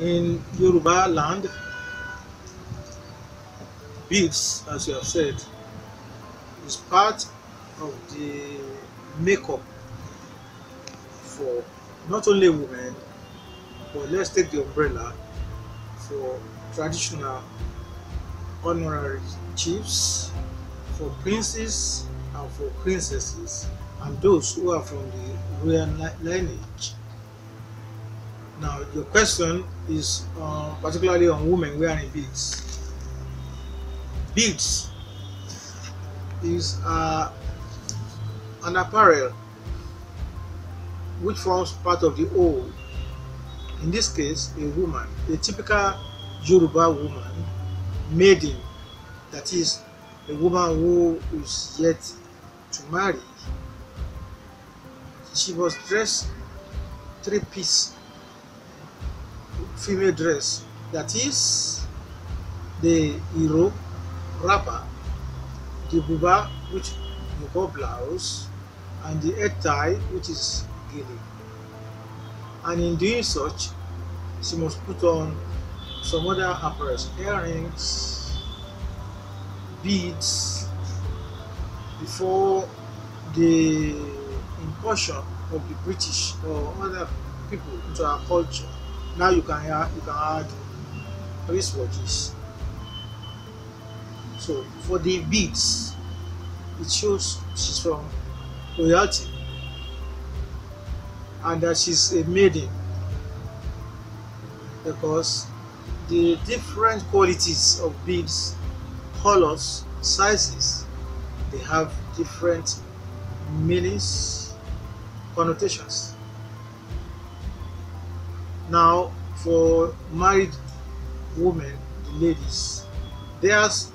in Yoruba land, beads, as you have said, is part of the makeup for not only women, but let's take the umbrella for traditional honorary chiefs, for princes and for princesses, and those who are from the royal lineage. Now, your question is uh, particularly on women wearing beads. Beads is uh, an apparel which forms part of the old. In this case, a woman, a typical Yoruba woman, maiden, that is, a woman who is yet to marry. She was dressed three piece female dress that is the Europe wrapper, the buba which you call blouse, and the head tie which is gilly. And in doing such, she must put on some other apparel, earrings, beads, before the impulsion of the British or other people into our culture now you can add you can add wristwatches so for the beads it shows she's from royalty and that she's a maiden because the different qualities of beads colors sizes they have different meanings connotations now for married women the ladies theirs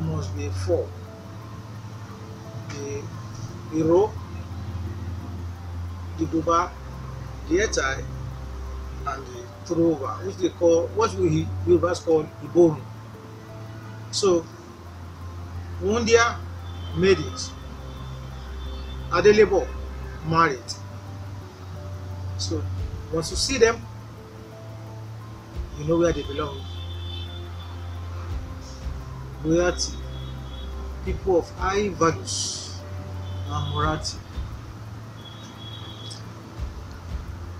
must be four the hero, the duba, the etai and the throwa which they call what we Yorubas call iborun so wundia made it adelebo married so once you see them you know where they belong. Loyalty, people of high values and morality,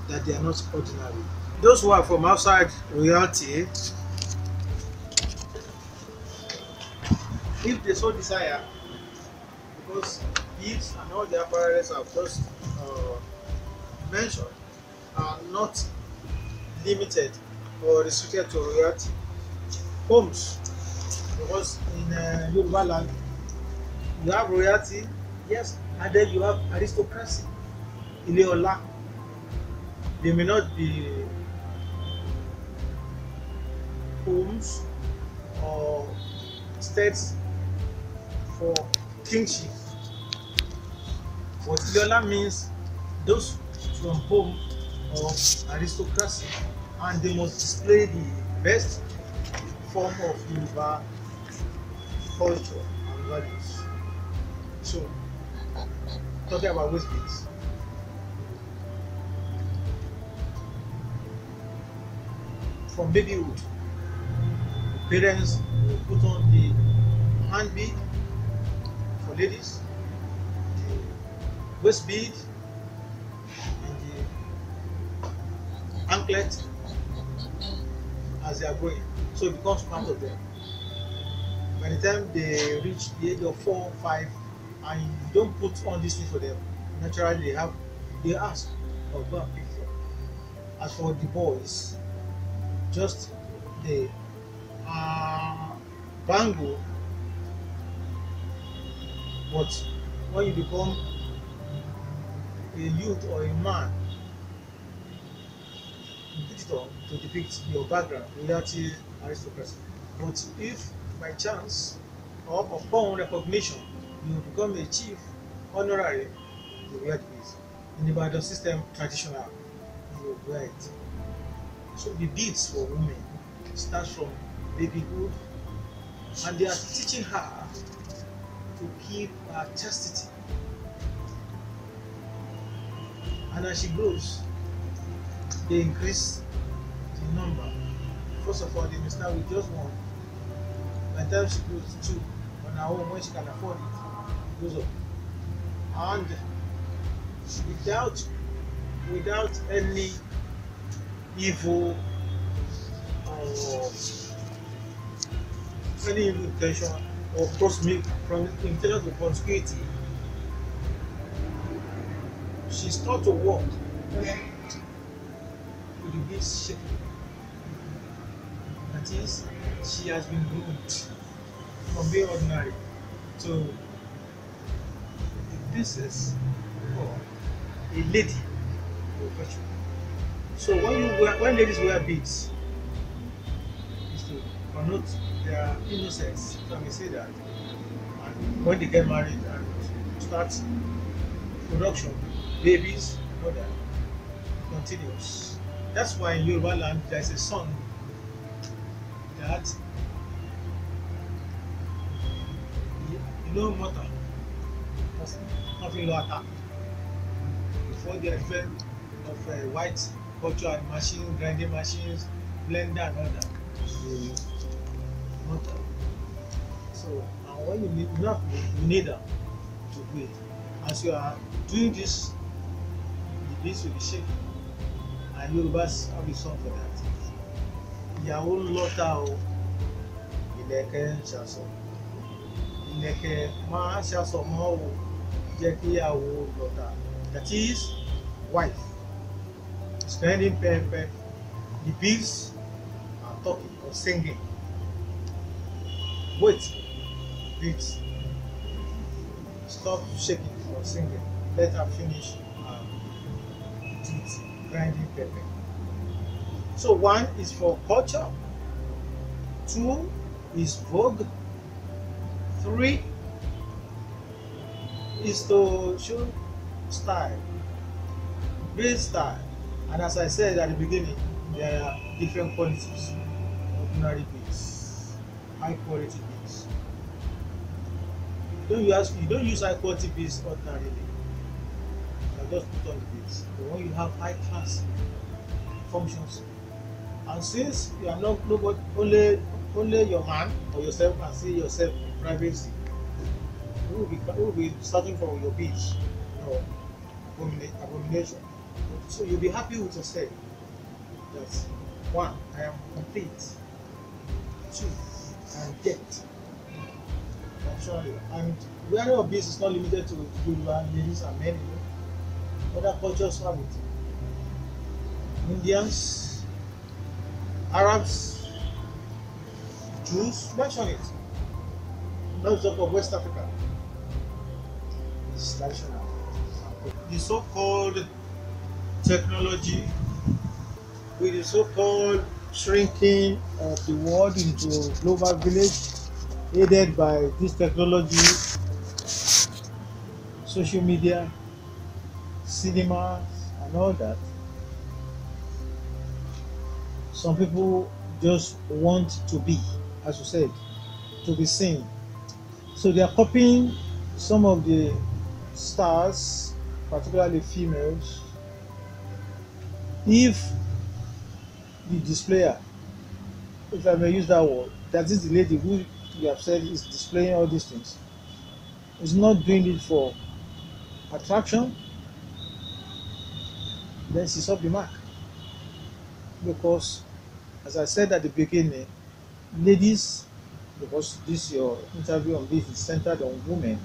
that they are not ordinary. Those who are from outside royalty, eh? if they so desire, because these and all the apparatus I've just uh, mentioned are not limited or restricted to Royalty homes because in uh, Yoruba land you have royalty yes and then you have aristocracy Ileola. they may not be homes or states for kingship but Ileola means those from home or aristocracy. and they must display the best form of Yoruba culture and values. So, talking about waistband. From babyhood, parents will put on the hand bead for ladies, the waist bead, and the anklet as they are growing so it becomes part of them by the time they reach the age of four five and you don put all this things for them naturally they have they ask or oh, go and as for the boys just the uh, bangle but when you become a youth or a man picture to depict your background royalty aristocracy but if by chance or upon recognition you become a chief honorary you wear the beads in the Ibadan system traditional you wear it so the beads for women start from babyhood and they are teaching her to keep her chastity and as she grows they increase the number. First of all, they may start with just one. By the time she goes to two on her own, when she can afford it, it goes up. And without without any evil or um, any evil intention or cross me from intention to promiscuity, she start to work. reveals Shakti. That is, she has been groomed from being ordinary to this is a lady So when you wear, when ladies wear beads, is to connote their innocence, if I may say that. And when they get married and start production, babies, mother continues. That's why in Yoruba land there is a song that you know mọ́tà wọ́n fi lọ ata before the advent of uh, white and machine, grinding machines blender and all that mọ́tà so and when you need enough you need am to pray as you are doing this you need to be shaking and Yorubas have a song for that ìyàwó ń lọ́ta o ìlẹ̀kẹ̀ ń ṣàṣọ ìlẹ̀kẹ̀ máa ń ṣàṣọ mọ́ o jẹ́ kí ìyàwó lọ́ta that is wife spending pepper the bills and talking or singing wait beat stop shaking or singing let her finish her duty grinding pepper. So one is for culture, two is vogue, three is to show style, build style. And as I said at the beginning, there are different qualities, ordinary beans, high quality Don't You ask? use, you don't use high quality beans ordinarily. I just put on the base. The one you have high class functions. And since you are not nobody, only only your man or yourself can see yourself in privacy, you will be, you will be starting from your beach, your abomination. So you'll be happy with yourself. That's One, I am complete. Two, I am dead. Naturally. And wearing of beads is not limited to young ladies and men. You know? other cultures have it. Indians, Arabs, Jews, mention it. Not talk of West Africa. It's traditional. The so-called technology with the so-called shrinking of the world into global village aided by this technology social media cinemas and all that. Some people just want to be, as you said, to be seen. So they are copying some of the stars, particularly females. If the displayer, if I may use that word, that is the lady who you have said is displaying all these things, is not doing it for attraction, then she's off the mark because as I said at the beginning ladies because this your interview on this is centered on women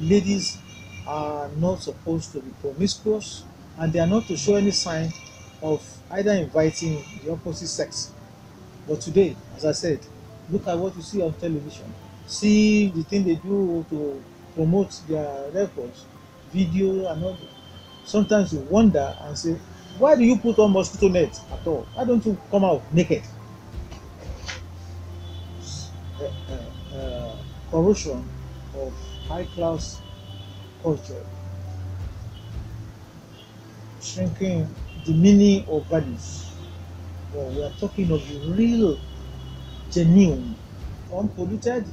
ladies are not supposed to be promiscuous and they are not to show any sign of either inviting the opposite sex but today as I said look at what you see on television see the thing they do to promote their records video and all that sometimes you wonder and say why do you put on mosquito net at all why don't you come out naked uh, uh, uh, corrosion of high class culture shrinking the meaning of values well we are talking of the real genuine unpolluted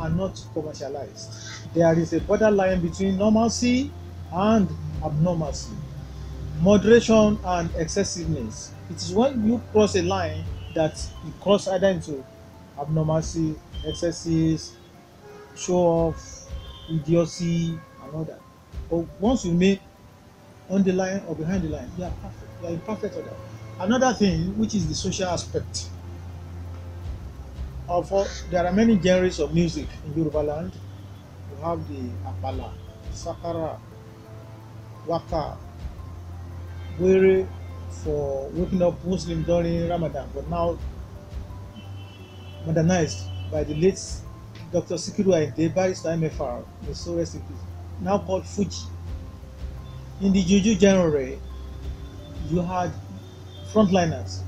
and not commercialized there is a borderline between normalcy and abnormalcy. Moderation and excessiveness. It is when you cross a line that you cross either into abnormalcy, excesses, show off, idiocy, and all that. But once you meet on the line or behind the line, you are perfect. You are in perfect order. Another thing, which is the social aspect. Of all, there are many genres of music in Yoruba land. You have the apala, sakara, waka, weary for waking up Muslim during Ramadan, but now modernized by the late Dr. Sikiru Ainde, barrister MFR, the sole recipe, now called Fuji. In the Juju genre, you had frontliners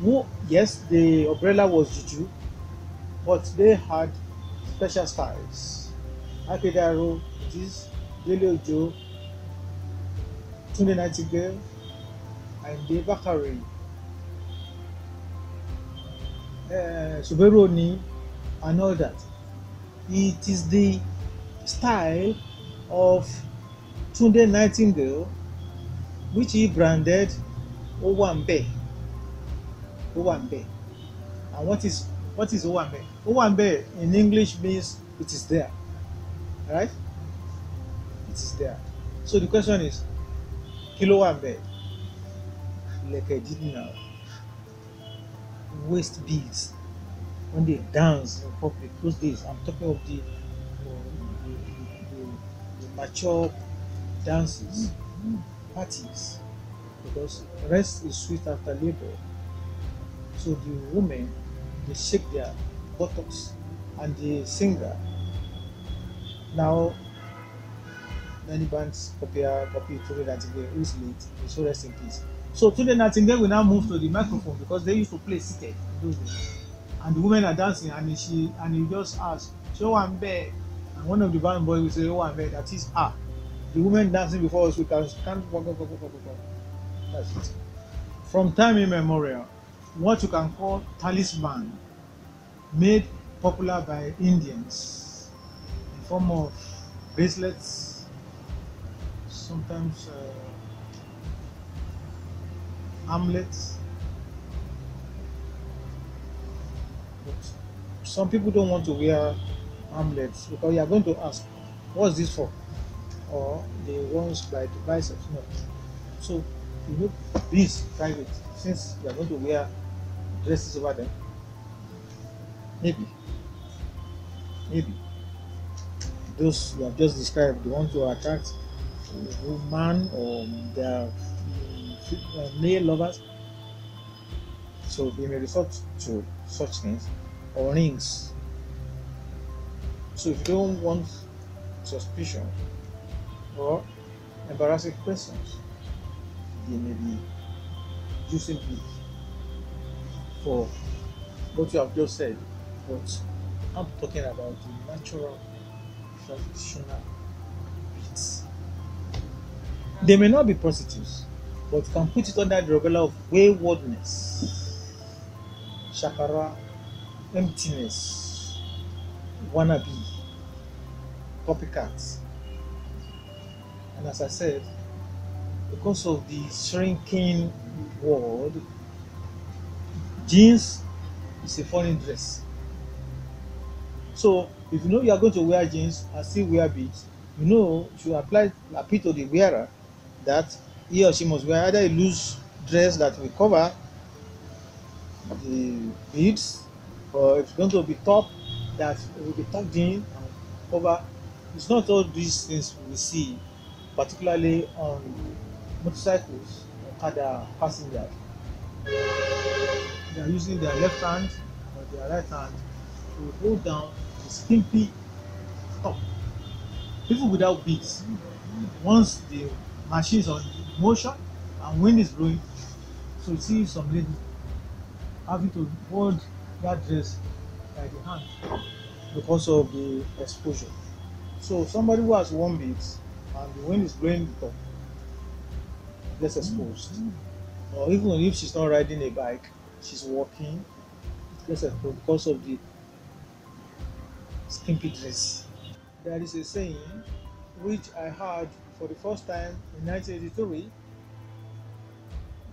who, yes, the umbrella was Juju, but they had special styles. Akedaro, this, Dele Joe, Tunde Nightingale, Àyìndé Bákàrè, uh, eh, Sùbẹ́rù Òní and all that. It is the style of Tunde Nightingale which he branded ó wà ń bẹ̀ ó wà and what is what is ó wà ń bẹ̀ ó wà in English means it is there right it is there so the question is kí ló wà bẹ́ẹ̀ ìlẹ̀kẹ̀ dídìnà waist beads when they dance in public those days i'm talking of the the, the, the, the mature dances parties because rest is sweet after labour so the women they shake their buttocks and the singer now Naniban's popular copy Tunde Nightingale, who is late, may so rest in peace. So Tunde Nightingale will now move to the microphone because they used to play seated in those days. And the women are dancing and she and he just ask. So one bed. And one of the band boys will say, Oh, I'm bed. That is her. The women dancing before us, we can can't go, go, go, go, go, That's it. From time immemorial, what you can call talisman made popular by Indians in form of bracelets sometimes uh, But some people don't want to wear armlets because you are going to ask, what's this for? Or the ones by biceps, No. So you know this private since you are going to wear dresses over them. Maybe. Maybe. Those you have just described, the ones who attract woman or their um, male lovers. So they may resort to such things or rings. So if you don't want suspicion or embarrassing questions, they may be using it for what you have just said, but I'm talking about the natural, traditional they may not be prostitutes, but you can put it under the umbrella of waywardness, shakara, emptiness, wannabe, copycats. And as I said, because of the shrinking world, jeans is a foreign dress. So if you know you are going to wear jeans and still wear beads, you know should apply appeal to the wearer that he or she must wear either a loose dress that will cover the beads or it's going to be top that will be tucked in and cover it's not all these things we see particularly on motorcycles or okada passengers they are using their left hand or their right hand to hold down the skimpy top people without beads once the machines on motion and wind is blowing so you see some lady having to hold that dress by the hand because of the exposure so somebody who has one it, and the wind is blowing the top gets exposed mm -hmm. or even if she's not riding a bike she's walking gets exposed because of the skimpy dress there is a saying which I had for the first time in 1983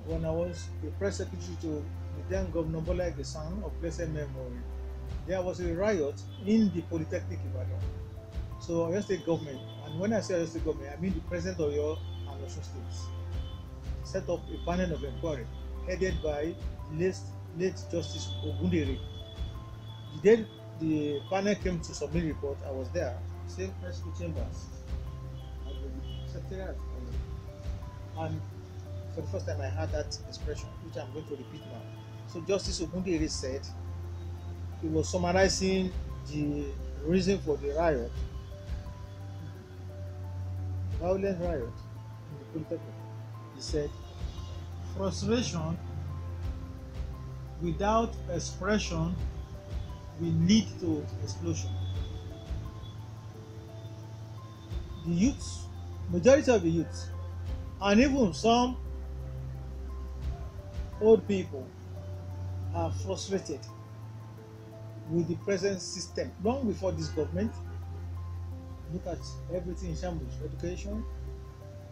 when I was the press secretary to the then Governor Bola Gesang of Blessed Memory. There was a riot in the Polytechnic Ibadan. So Oyo State government, and when I say Oyo State government, I mean the President of Oyo and Osun states, set up a panel of inquiry headed by late, late Justice Ogundere. The day the panel came to submit report, I was there, same press chambers, and for the first time, I heard that expression, which I'm going to repeat now. So Justice Ogundere said he was summarizing the reason for the riot, violent riot in the He said, frustration without expression will lead to explosion. The youth majority of the youths, and even some old people are frustrated with the present system long before this government look at everything in shambles education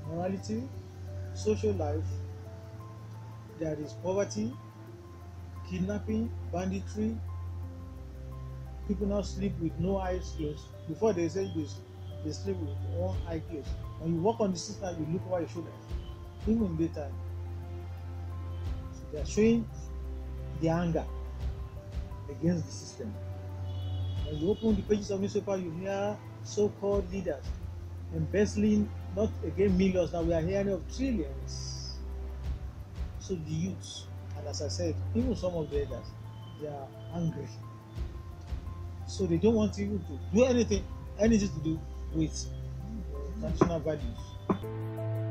morality social life there is poverty kidnapping banditry people now sleep with no eye closed before they say this they sleep with one eye closed When you walk on the street now, you look over your shoulder, even in daytime. So they are showing their anger against the system. When you open the pages of newspaper, you hear so-called leaders embezzling not again millions. Now we are hearing of trillions. So the youths, and as I said, even some of the elders, they are angry. So they don't want even to do anything, anything to do with Santos Navarino.